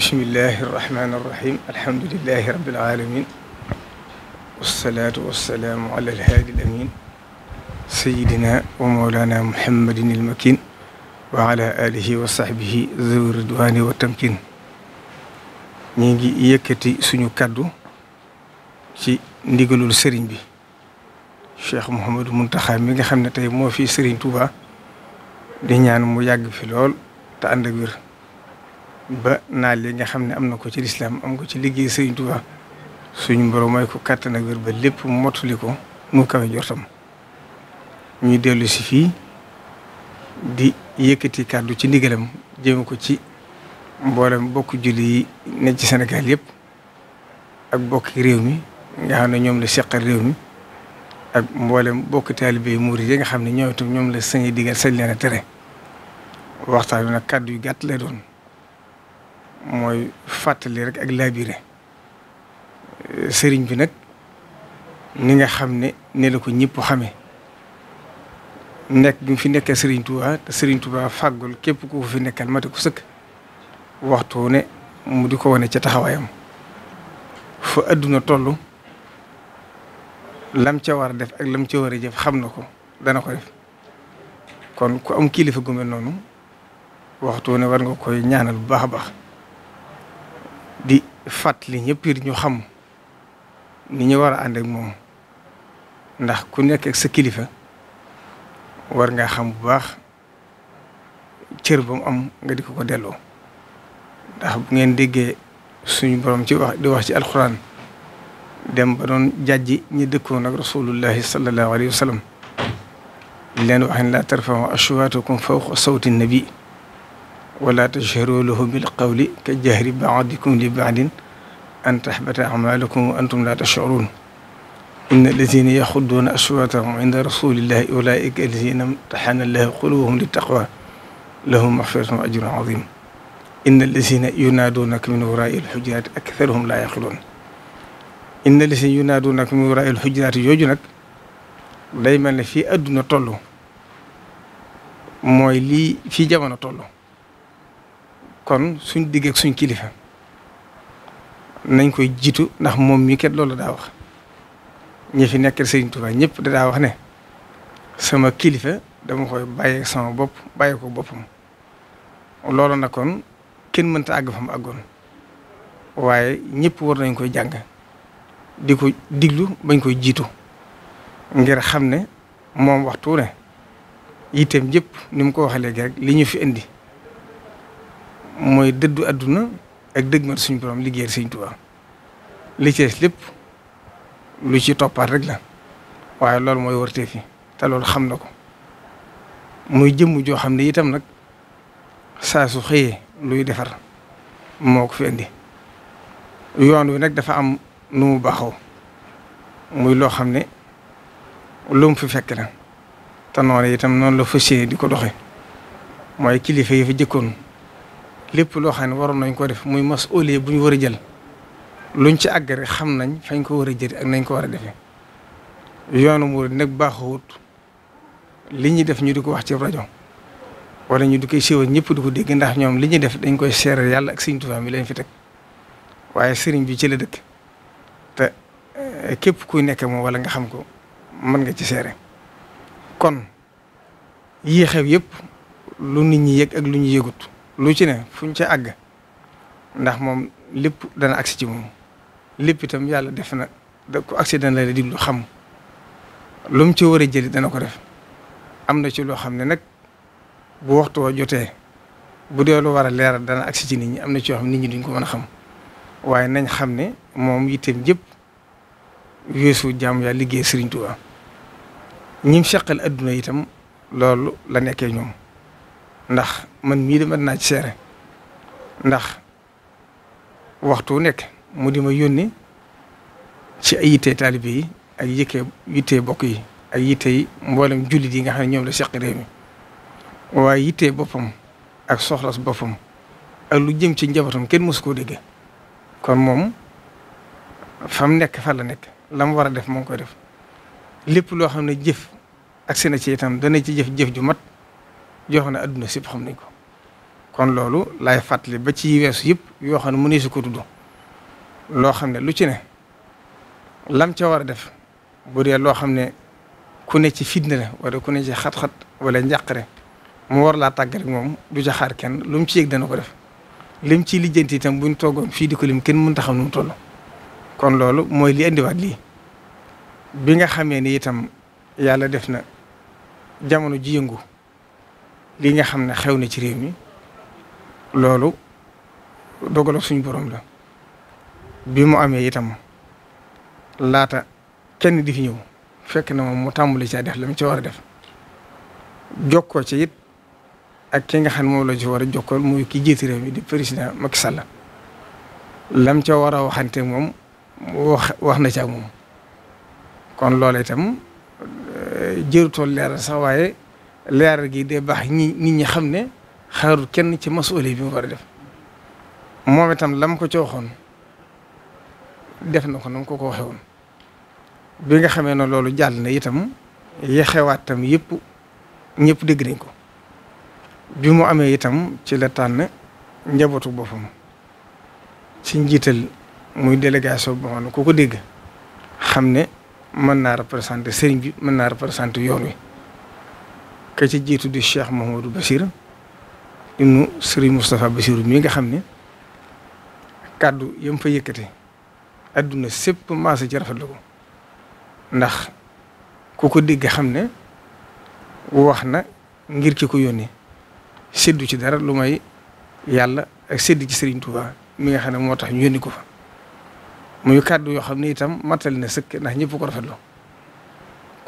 bismillahi irrahmani irrahim alhamdulilahi rabilalamin walsalaatu walsalaamu ala alhaadi alamin sayidina wa mawlana muhammadin almakin wa ala alihi wa sahbihi zawi tamkin ñi ngi yëkkati suñu kàddu ci ndigalul sëriñ bi cheikh mouhamadou muntaxa mi nga xam ne tey moo fi sëriñ Tuuba ñaan mu yàgg fi lool te ànd ba naa li nga xam ne am na ko ci lislaam am ko ci liggéey sëriñ Tuubaa suñu mboro may ko kàttan ak wér ba lépp mottali ko mu kawe jortam ñuy dellu si fii di yëkkati kàddu ci ndigalam jëme ko ci mboolem bokk julli yi ci senegal yëpp ak bokki réew mi nga xam ñoom la seqal réew mi ak mboolem bokk taalibe yi murid yi nga xam ne ñoom itam ñoom la sañ digal sañ leen a tere waxtaan wi nag kàddu yu gàtt lay doon mooy fàttali rek ak laabire sëriñ bi nag ni nga xam ne ne la ko ñëpp xame nekk bi fi nekkee sëriñ Touba te sëriñ Touba fàggul képp ku fi nekkal mate ku sëkk waxtu ne mu di ko wane ca taxawaayam fa adduna tollu lam ca war a def ak lam ca war a jëf xam na ko dana ko def kon ku am kilifa gu noonu waxtu ne war nga koy ñaanal bu baax a baax di fàttali ñëpp it ñu xam ni ñu war a ànd moom ndax ku nekk ak sa kilifa war nga xam bu baax cër ba mu am nga di ko ko delloo ndax bu ngeen déggee suñu boroom ci wax di wax ci alxuraan dem ba doon jàjji ñi dëkkoon ak rasulullahi sallallahu alayhi wa sallam di leen wax ne laa tarfa'u aswaatakum sawti nabi wala tashharu lahu bil qawli ka jahri baadikum li baadin an tahbata amalukum wa antum la tashurun inna allazina yaxudduuna aswaatahum inda rasulillahi ulaika allazina imtaxana allahu qulubuhum li taqwa lahum maxfiratun wa ajrun azim inna allazina yunaaduunaka min waraai alxujuraati aktharuhum laa yaqiluun inna allazina yunaaduunaka min waraai alxujuraati yooju nag day mel ne fii àdduna toll mooy lii fii jamono toll kon suñ digg suñ kilifa nañ koy jiitu ndax moom mii kat loolu daa wax ñi fi nekkal Sëriñ Tuubaa ñëpp da daa wax ne sama kilifa dama koy bàyyee sama bopp bàyyee ko boppam loolu nag kon kenn mënta àgg fa mu àggoon waaye ñëpp war nañ koy jàng di ko diglu bañ koy jiitu ngir xam ne moom waxtu ne itam jëpp ni mu ko waxee léegi rek li ñu fi indi mooy dëddu àdduna ak dëgg mat suñu borom liggéeyal Sëriñ Tuubaa li ci lépp lu ci toppaat rek la waaye loolu mooy wërtee fi te loolu xam na ko muy jëmm joo xam ne itam nag saa su xëyee luy defar moo ko fi yoon wi nag dafa am nu mu muy loo xam ne lu mu fi fekk la te noonu itam noonu la di ko doxe mooy kilifa yi fa jëkkoon lépp loo xam ne waroon nañ ko def muy masuuliya bu ñu war a jël luñ ci àggare xam nañ fañ ko war a jël ak nañ ko war a defee yoonu murid nag baaxawut li ñuy def ñu di ko wax ci rajo wala ñu di koy siiwal ñëpp di ko dégg ndax ñoom li ñuy def dañ koy seeral yàlla ak Sëriñ Tuubaa mi lañ fi teg waaye sëriñ bi ci la dëkk te eh, képp kuy nekk moom wala nga xam ko mën nga ci seere kon yii xew yëpp lu nit ñi yëg ak lu ñu yëgut lu ci ne fu ñu ca àgg ndax moom lépp dana agsi ci moom lépp itam yàlla def na da ko accident la diglu xam lu mu ci war a jëli dana ko def am na ci loo xam ne nag bu waxtu wa jotee bu dee lu war a leeral dana agsi ci nit ñi am na ci yoo xam nit ñi duñ ko mën a xam waaye nañ xam ne moom yitteem jëpp weesu jàmm yaa liggéey Sëriñ Tuubaa ñim seqal adduna itam loolu la nekkee ñoom ndax man mii dem at naa ci seere ndax waxtu nekk mu di ma yónni ci ay yitte taalibe yi ak yëkkee yitte bokk yi ak yitte mboolem jullit yi nga xam ne ñoom la seq réew mi waaye yitte boppam ak soxlas boppam ak lu jëm ci njabootam kenn mësu koo dégg kon moom fam nekk fa la nekk la mu war a def moo ngi koy def lépp loo xam ne jëf ak seen ci itam dana ci jëf jëf ju mat. yoo xam ne adduna xam nañ ko kon loolu laay fàttali ba ci weesu yëpp yoo xam ne mu ne su ko tudd loo xam ne lu ci ne lam ca war a def bu dee loo xam ne ku ne ci fitna la wala ku ne ci xat-xat wala njàqare mu war laa tàggat moom du ca xaar kenn lu mu ci yëg dana ko def lim ciy lijjanti itam buñ toogoon fii di ko lim kenn mënta xam nu mu toll. kon loolu mooy li indiwaat lii bi nga xamee ni itam yàlla def na jamono ji yëngu. li nga xam ne xew na ci réew mi loolu dogaloo suñu boroom la bi mu amee itam laata kenn di fi ñëw fekk na moom mu tàmbali caa def la mu ci war a def jokkoo ci it ak ki nga xam ne moom la ci war a jokkoo muy ki jiiti réew mi di président Macky Sall lam ca war a waxante moom wax wax na ci ak moom kon loola itam eh, jëru leer leeral sax waaye leeral gi de baax ñi nit ñi xam ne xaarul kenn ci masuuli bi mu war a def moom itam lam ko cooxoon def na ko nam ko ko waxee woon bi nga xamee ne loolu jàll na itam yexewaat tam yëpp ñëpp dégg nañ ko bi mu amee itam ci la tànn njabootu boppam ci njiital muy délégation boo xam ko ko dégg xam ne mën naa représenter sëriñ bi mën naa représenter yoon wi ka ci jiitu di Cheikh Mouhamadou Bachir ibnu Serigne Moustapha Bachir mi nga xam ne kàddu yam fa yëkkate adduna sépp maasa ci rafetlu ko ndax ku ko dégg xam ne wax na ngir ki ko yónni séddu ci dara lu may yàlla ak sédd ci Serigne Touba mi nga xam ne moo tax ñu yónni ko fa muy kàddu yoo xam ne itam matal na sëkk ndax ñëpp ko rafetlu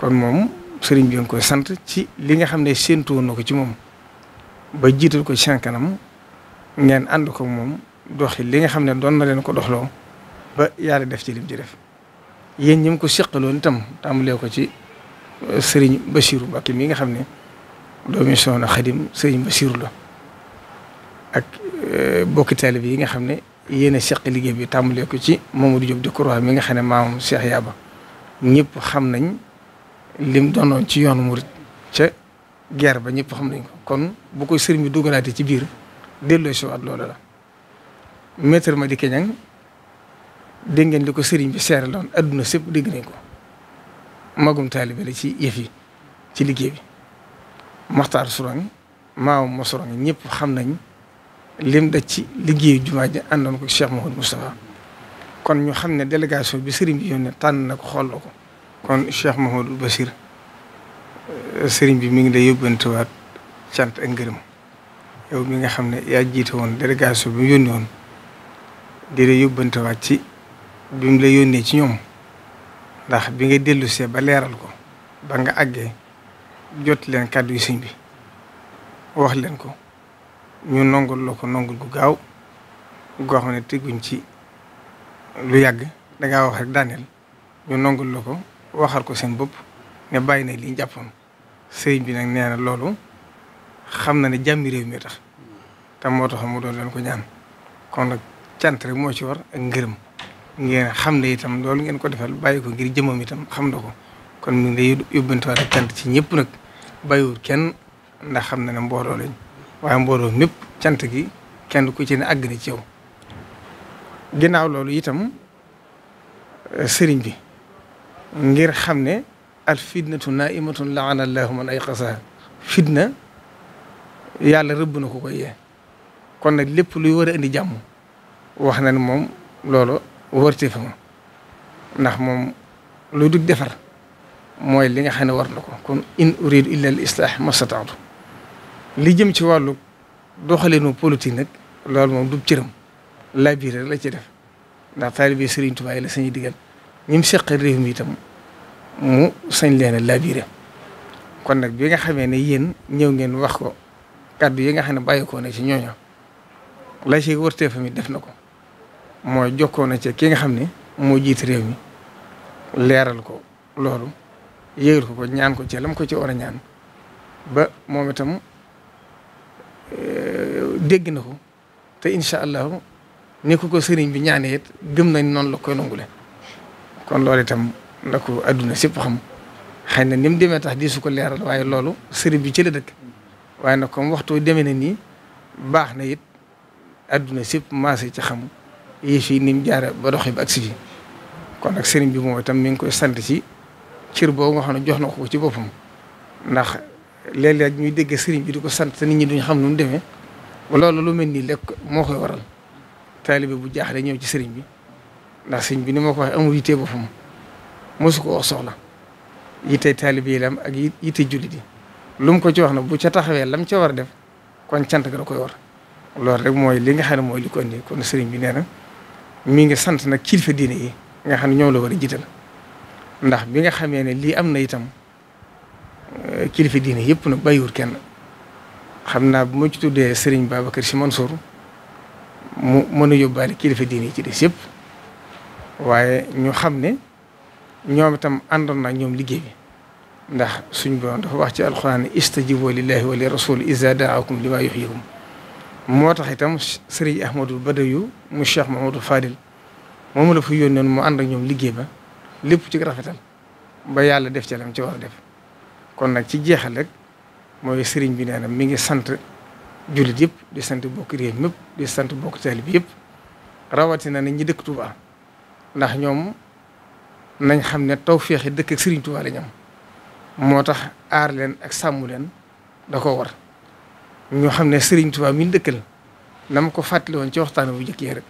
kon moom sëriñ bi nga koy sant ci li nga xam ne séentu woon na ko ci moom ba jiital ko ci seen kanam ngeen ànd ko moom doxi li nga xam ne doon na leen ko doxloo ba yàlla def ci ci def yéen ñi ko seqaloon itam tàmbalee ko ci euh, sëriñ Bachirou Mbacké mi nga xam ne doomi Soxna Xadim sëriñ Bachirou la ak euh, bokki bi yi nga xam ne yéen a seq liggéey bi tàmbalee ko ci Mamadou mi nga xam ne maamam Cheikh Yaba xam nañ. lim doonoon ci yoonu murit ca guerre ba ñëpp xam nañ ko kon bu koy sëriñ bi dugalaatee ci biir delloo si waat la maître Madické Niang dégg ngeen li ko sëriñ bi seere loon adduna sépp dégg nañ ko magum taalibe la ci yëf yi ci liggéey bi Maxtaar Sourang maam ma Sourang ñëpp xam nañ lim daj ci liggéeyu jumaa ji àndoon ko Cheikh Mouhamadou Moustapha kon ñu xam ne délégation bi sëriñ bi yónnee tànn na ko xool ko kon Cheikh du Bachir eh, sëriñ bi mu ngi lay yóbbantewaat cant ak ngërëm yow mi nga xam ne yaa jiite woon délégation bi mu yónni woon di lay yóbbantewaat ci bi mu la yónnee ci ñoom ndax bi nga dellu see ba leeral ko ba nga àggee jot leen kàddu yu sëñ bi wax leen ko ñu nongul la ko nongul gu gaaw goo xam ne teguñ ci lu yàgg dangaa wax rek daaneel ñu nongul la ko waxal ko seen bopp ne bàyyi na li ñu jàppoon sëriñ bi nag nee loolu xam na ne jàmmi réew mi tax te moo tax mu doon leen ko ñaan kon nag cant rek moo ci war ak ngërëm ngeen xam ne itam loolu ngeen ko defal bàyyi ko ngir jëmam itam xam na ko kon mi ngi lay yóbbantuwaat ak ci ñëpp nag bàyyiwul kenn ndax xam na ne mbooloo lañ waaye mbooloo mépp cant gi kenn ku ci ne àgg na ci yow ginnaaw loolu itam eh, sëriñ bi. ngir xam ne al fitnatu naimatun laana allahu man ayqasaha fitna yàlla rëbb na ko koy kon nag lépp luy war a indi jàmm wax na ne moom loolo wërte fa ma ndax moom lu du defar mooy li nga xam ne war na ko kon in uridu illa al islah mastataatu li jëm ci wàllu doxalinu politique nag loolu moom du cëram la biir la ci def ndax taalibe Sëriñ Tuubaa la sañuy digal ñi mu seqal réew mi itam mu sañ leen a kon nag bi nga xamee ne yéen ñëw ngeen wax ko kàddu yi nga xam ne bàyyikoo na ci ñooñu la ci wërtee fa mi def na ko moo jokkoo na ci ki nga xam ne moo jiite réew mi leeral ko loolu yëgal ko ko ñaan ko ci lam ko ci war a ñaan ba moom itam eh, dégg na ko te incha allahu ni ko ko sëriñ bi ñaanee it gëm nañ noonu la koy nangule kon lool itam na ko adduna sépp xam xëy na nim mu demee tax di su ko leeral waaye loolu sëriñ bi ci la dëkk waaye nag comme waxtu demee na nii baax na it adduna sépp maase ci xam yëf yi ni mu jaare ba doxee ba agsi fi kon nag sëriñ bi moom tam mi ngi koy sant ci cër boobu nga xam ne jox na ko ci boppam ndax léeg ñuy dégg sëriñ bi di ko sant te nit ñi duñ xam nu mu demee loolu lu mel nii lekk moo koy waral taalibe bu jaaxle ñëw ci sëriñ bi ndax sëñ bi ni ma ko waxee amul yitte boppam mosu ko wax soxla yitte taalibe yi lam ak yitte jullit yi lum ko ci wax na bu ca taxawee lam ca war a def kon cant ga da koy war loolu rek mooy li nga xam ne mooy li ko indi sëriñ bi nee na mi ngi sant nag kilifa diine yi nga xam ne ñoom la war a jiital ndax bi nga xamee ne lii am na itam eh, kilifa diine yëpp na bàyyiwul kenn xam naa bu ma ci tuddee sëriñ Babacar Sy Mansour mu mën a yóbbaale kilifa diine yi ci des yëpp. waaye ñoo xam ne ñoom itam àndoon na ñoom liggéey bi ndax suñ borom dafa wax ci alxuraan istajibu lillahi wa li rasul iza daakum lima yuhyikum moo tax itam sëriñ ahmadul badayu mu cheikh mahamadou fadil moom la fa yónnoon mu ànd ñoom liggéey ba lépp ci rafetal ba yàlla def ci lam ci war a def kon nag ci jeexal rek mooy sëriñ bi nee na mi ngi sant jullit yëpp di sant bokk réew mépp di sant bokk taalibe bi yëpp rawatina na ñi dëkk Tuubaa ndax ñoom nañ xam ne taw yi dëkk ak Serigne Touba moo tax aar leen ak sàmm leen da koo war ñoo xam ne Serigne Touba mi dëkkal na ma ko fàttali woon ci waxtaan bu njëkk yi rek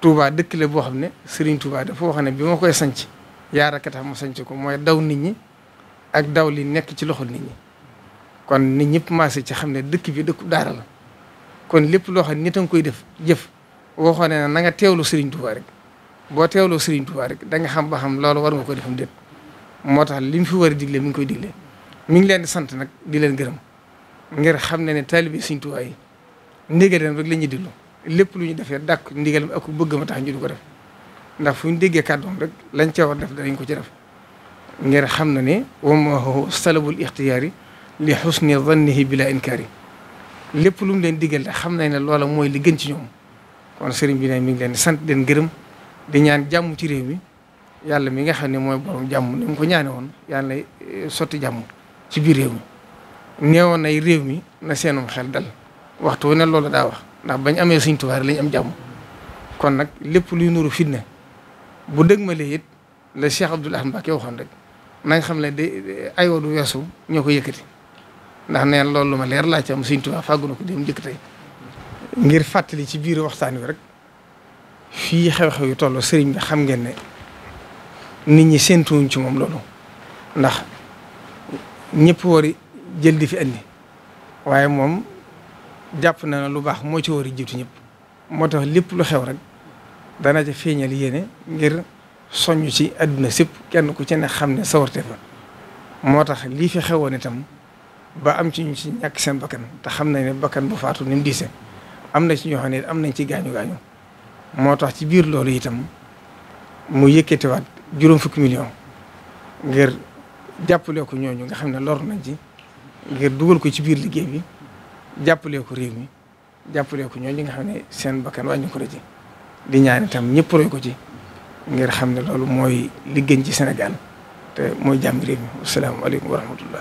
Touba dëkk la boo xam ne Serigne Touba dafa wax ne bi koy sanc yaar ak tax ko mooy daw nit ñi ak daw li nekk ci loxo nit kon nit ñëpp maase ci xam ne dëkk bi dëkku daara kon lépp loo xam ne nit a nga koy def jëf waxoon ne na nga teewlu Serigne Touba rek. boo teewloo Serigne Touba rek da nga xam ba xam loolu war nga ko defam déet moo tax li mu fi war a digle mi ngi koy digle mi ngi leen di sant nag di leen gërëm ngir xam ne ne taalibi Serigne Touba yi ndigal rek la ñuy lépp lu ñu defee dàkk ndigalam ak bëgg ma tax ñu ko def ndax fu ñu déggee kàddoom rek lañ ca war def danañ ko ci def ngir xam na ne wa ma huwa salabul ixtiyaari li xusni zannihi bila inkaari lépp lu mu leen digal xam nañ ne loola mooy li gën ci ñoom kon sëriñ bi ne mi ngi leen sant leen gërëm di ñaan jàmm ci réew mi yàlla mi nga xam ne mooy borom jàmm ni mu ko ñaane woon yàlla eh, sotti jàmm ci biir réew mi neewoon ay réew mi na seenum xel dal waxtu ne loolu daa wax ndax bañ amee Sëñ Tuubaa lañ am jàmm kon nag lépp luy nuru fitna bu dëgg ma lee it la Cheikh Abdoul Ahad Mbacké waxoon rek na xam ne day ay du weesu ñoo ko yëkkati ndax neen loolu lu ma leer laa ci am Sëñ Tuubaa fàggu na ko dem jëkk tey ngir fàttali ci biir waxtaan wi rek fii xew-xew yu toll sëriñ bi xam ngeen ne nit ñi séentuwuñ ci moom loolu ndax ñëpp wari jël di fi andi waaye moom jàpp na ne lu baax moo ci war a jiitu ñépp moo tax lépp lu xew rek dana ca feeñal yéene ngir soññ ci àdduna sépp kenn ku ci ne xam ne sawarte fa moo tax lii fi xewoon itam ba am ci ñu ñàkk seen bakkan te xam na ne bakkan bu faatu ni mu diise am na ci ñoo xam ne am nañ ci gaañu gaañu moo tax ci biir loolu itam mu yëkkatiwaat juróom fukki million ngir jàppale ko ñooñu nga xam ne lor nañ ci ngir dugal ko ci biir liggéey bi jàppale ko réew mi jàppale ko ñooñu nga xam ne seen bakkan wàññi ko la ci di ñaan itam ñëpp roy ko ci ngir xam ne loolu mooy liggéey ci senegal te mooy jàmm réew mi wasalaamaaleykum wa rahmatullah